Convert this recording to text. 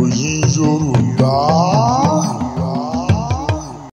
òyìn Yorùbá.